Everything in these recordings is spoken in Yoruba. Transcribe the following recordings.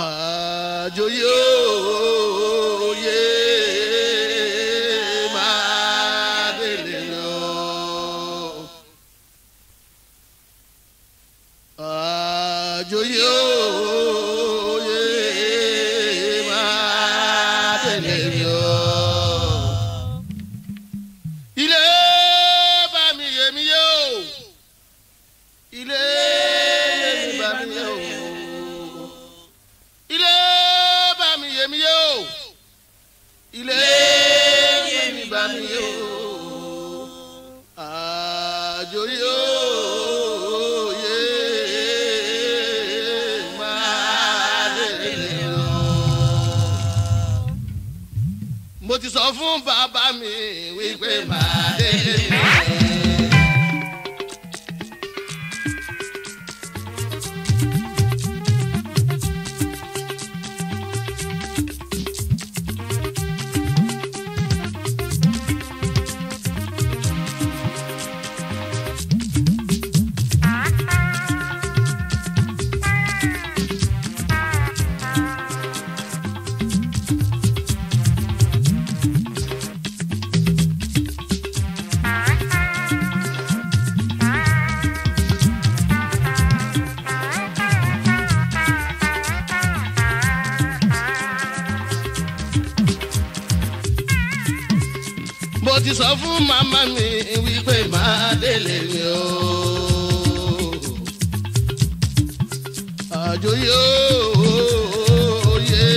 àjòyè ooo. mo ti sọ fún bàbá mi wípé màá délé. mo ti sọ fún màmá mi wípé màá délé mi o. àjò yóò yé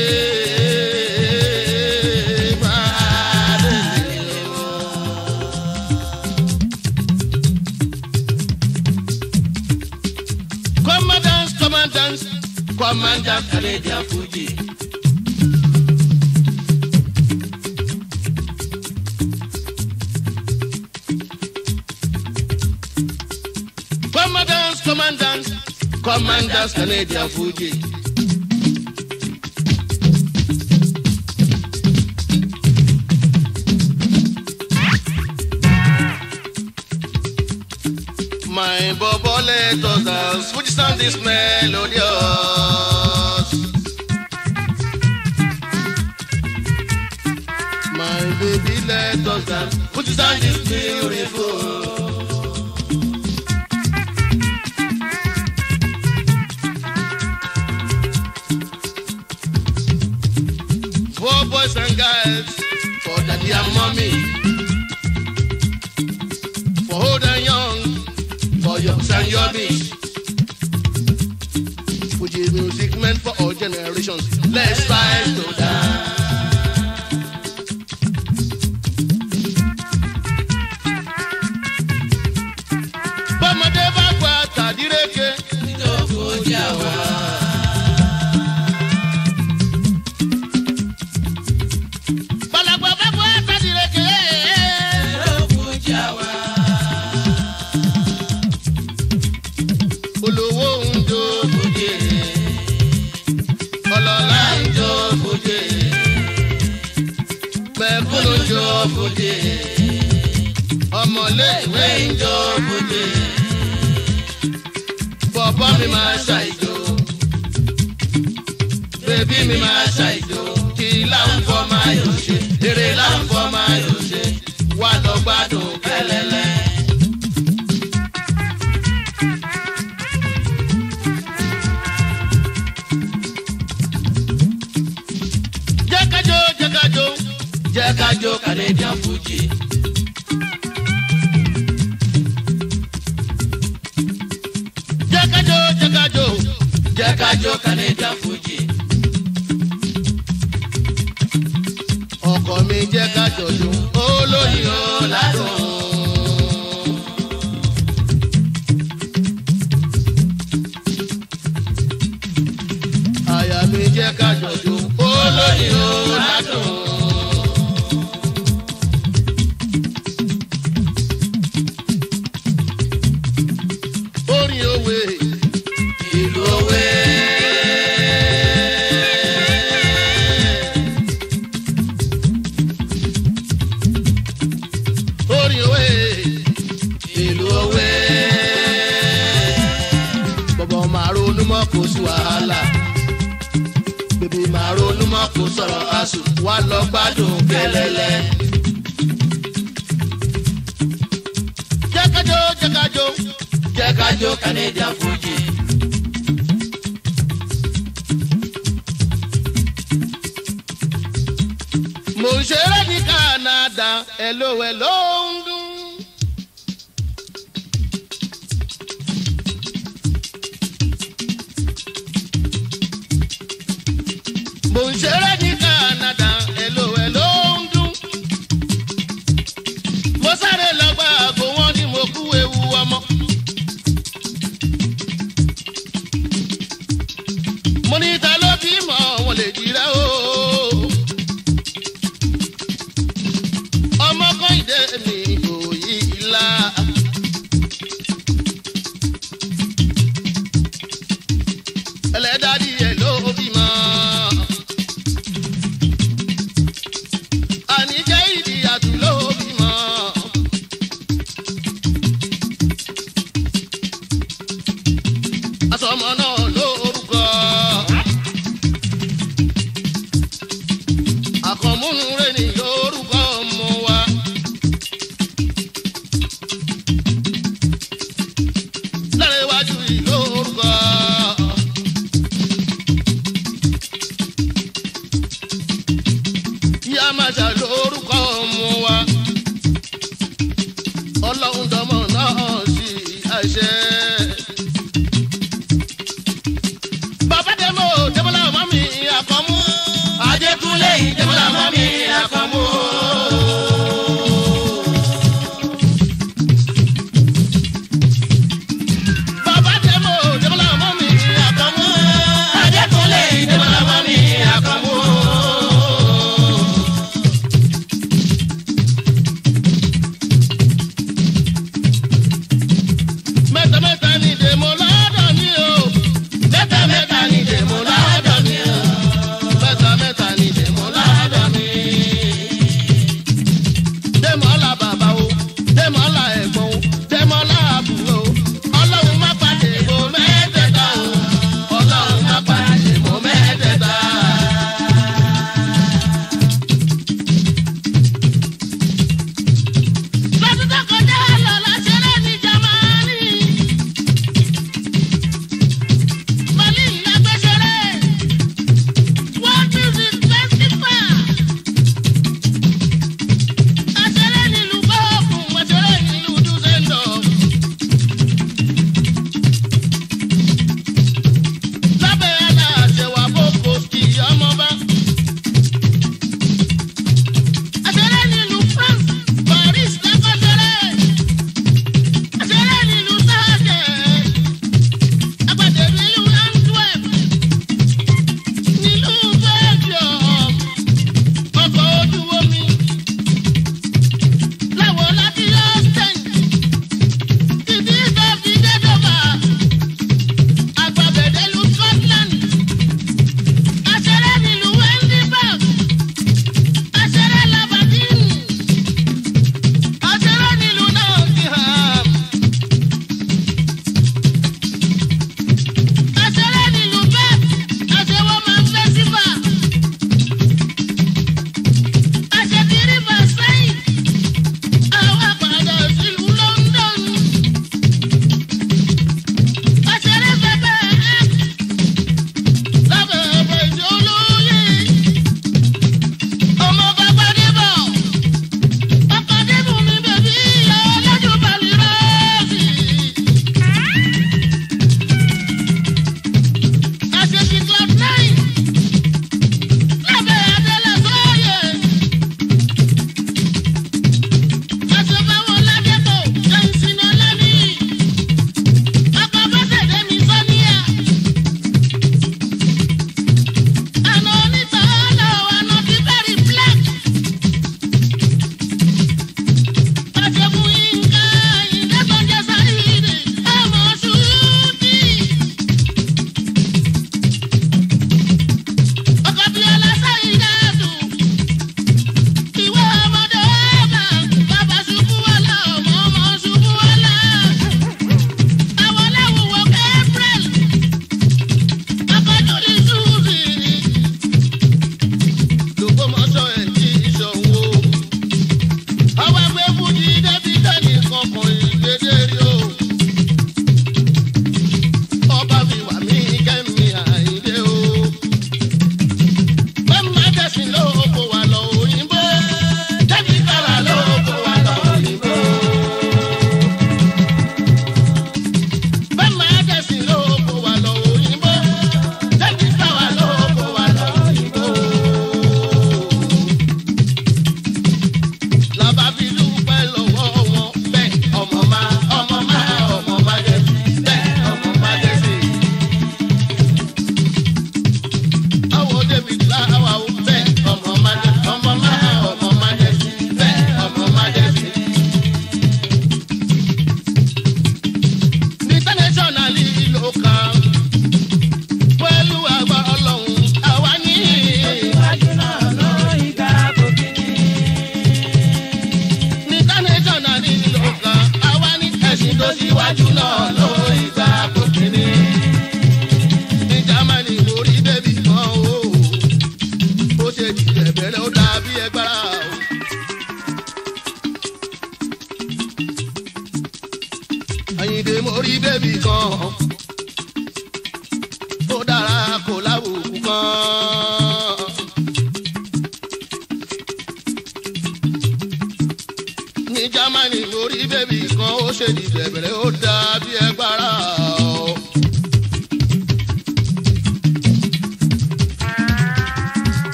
màá délé mi o. come and dance come and dance come and dance kàlẹ́ ìjà fún mi. Commanders Canadian Fuji. My bubble let us dance, Fuji sound is melodious. My baby let us dance, Fuji sound is beautiful. mommy, for old and young, for youngs and your which is music meant for all generations. Let's rise to that. gbádùn. no, no.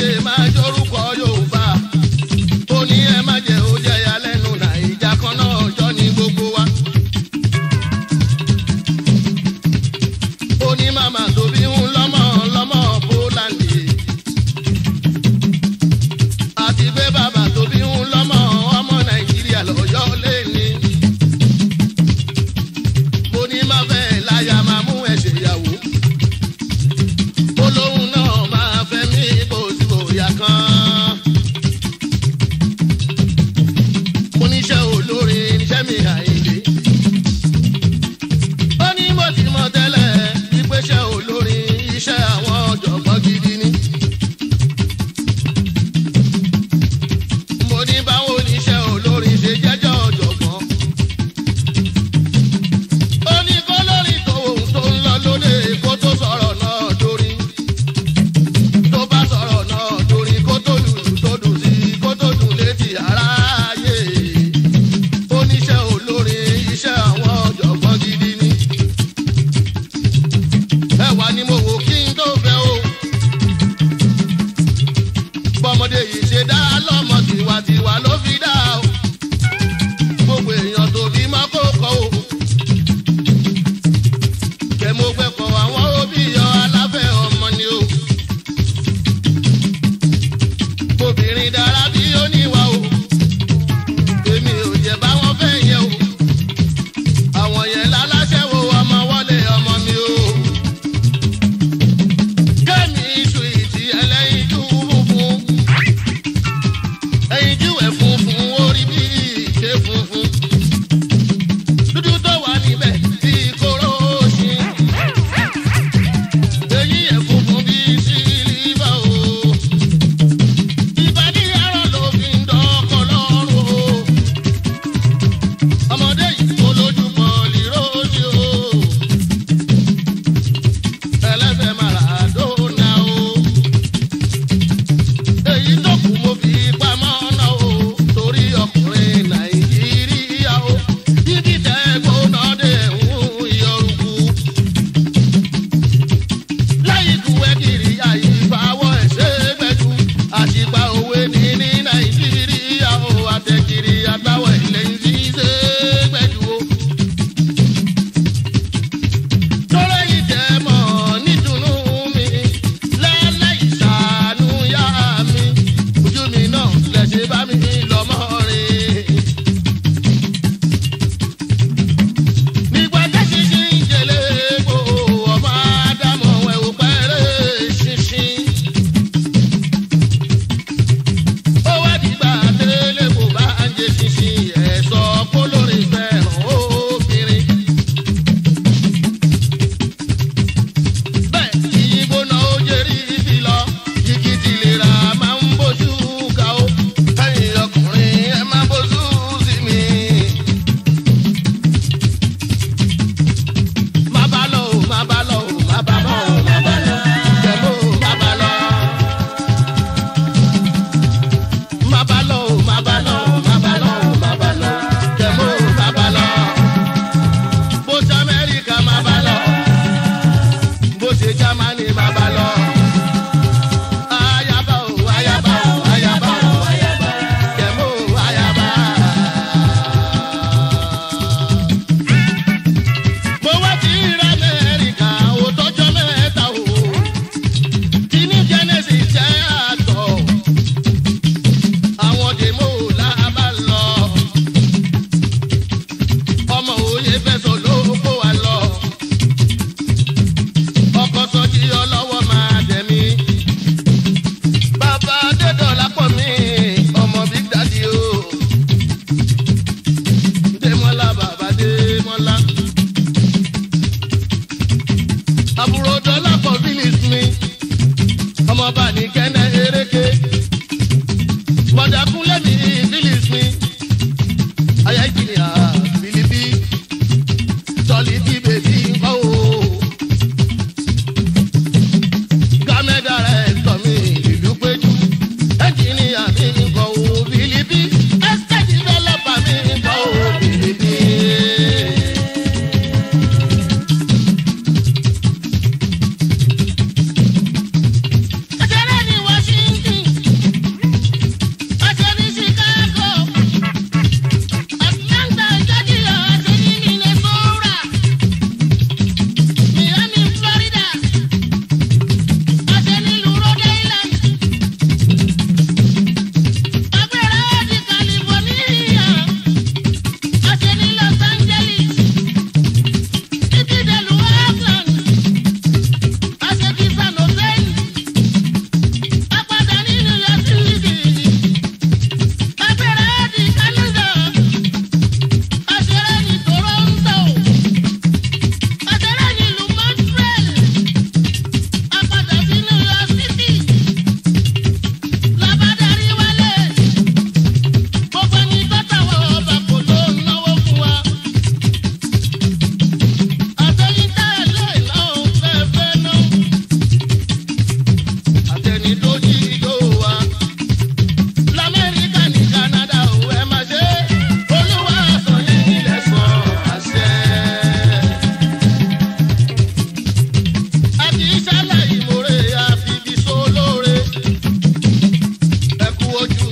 ṣe máa jó. wojú.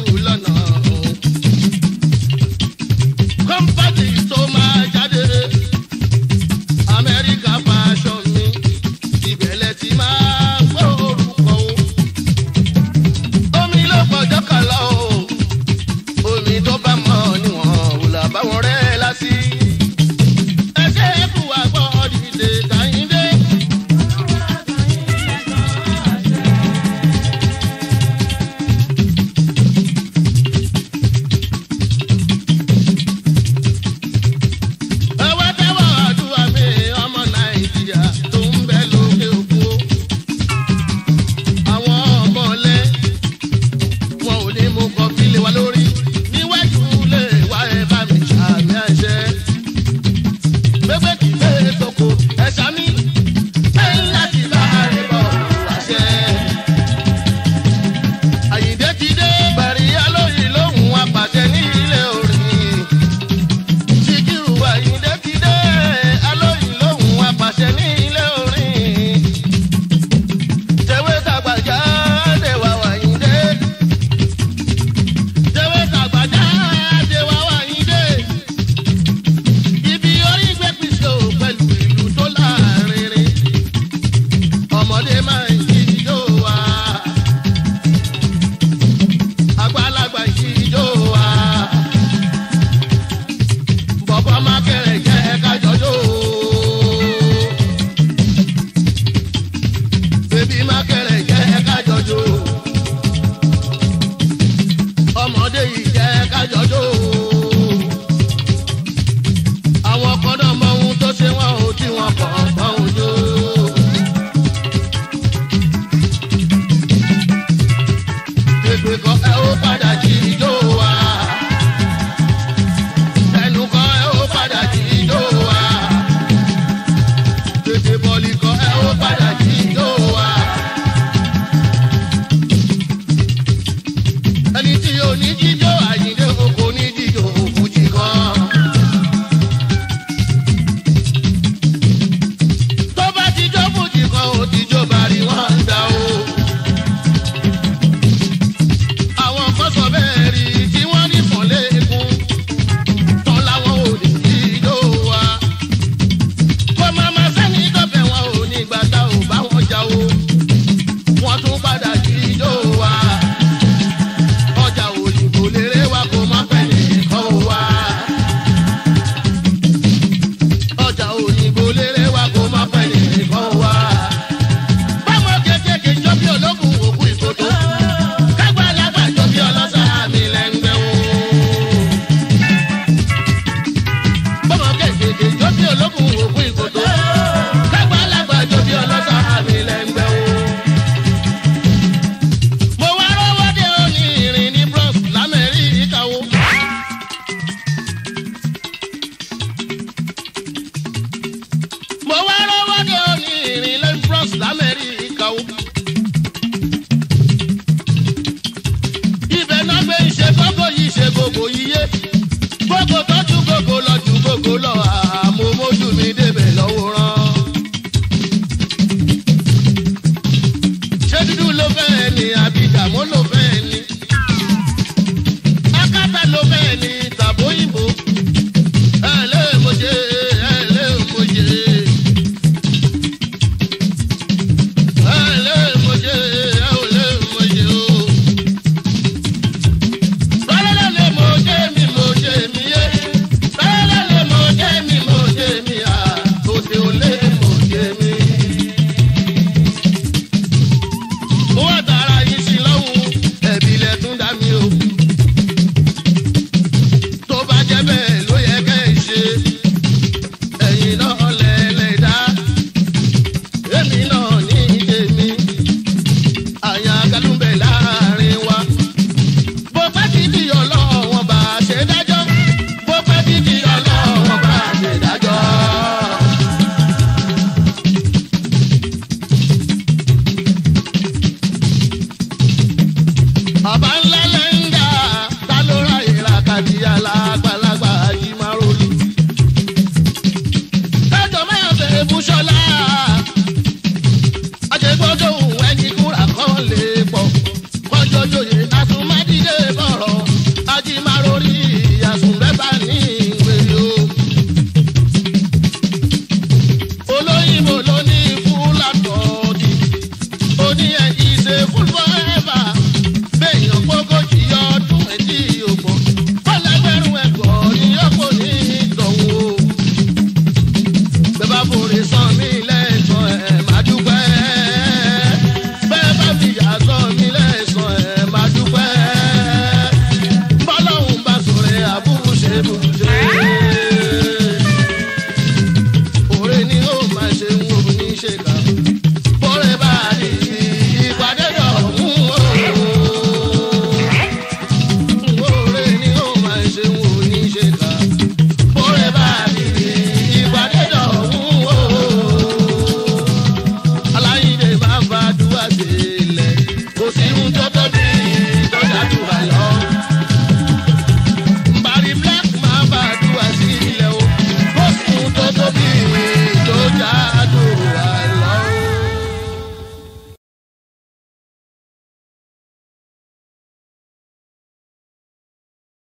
I'm ńlá lẹ́.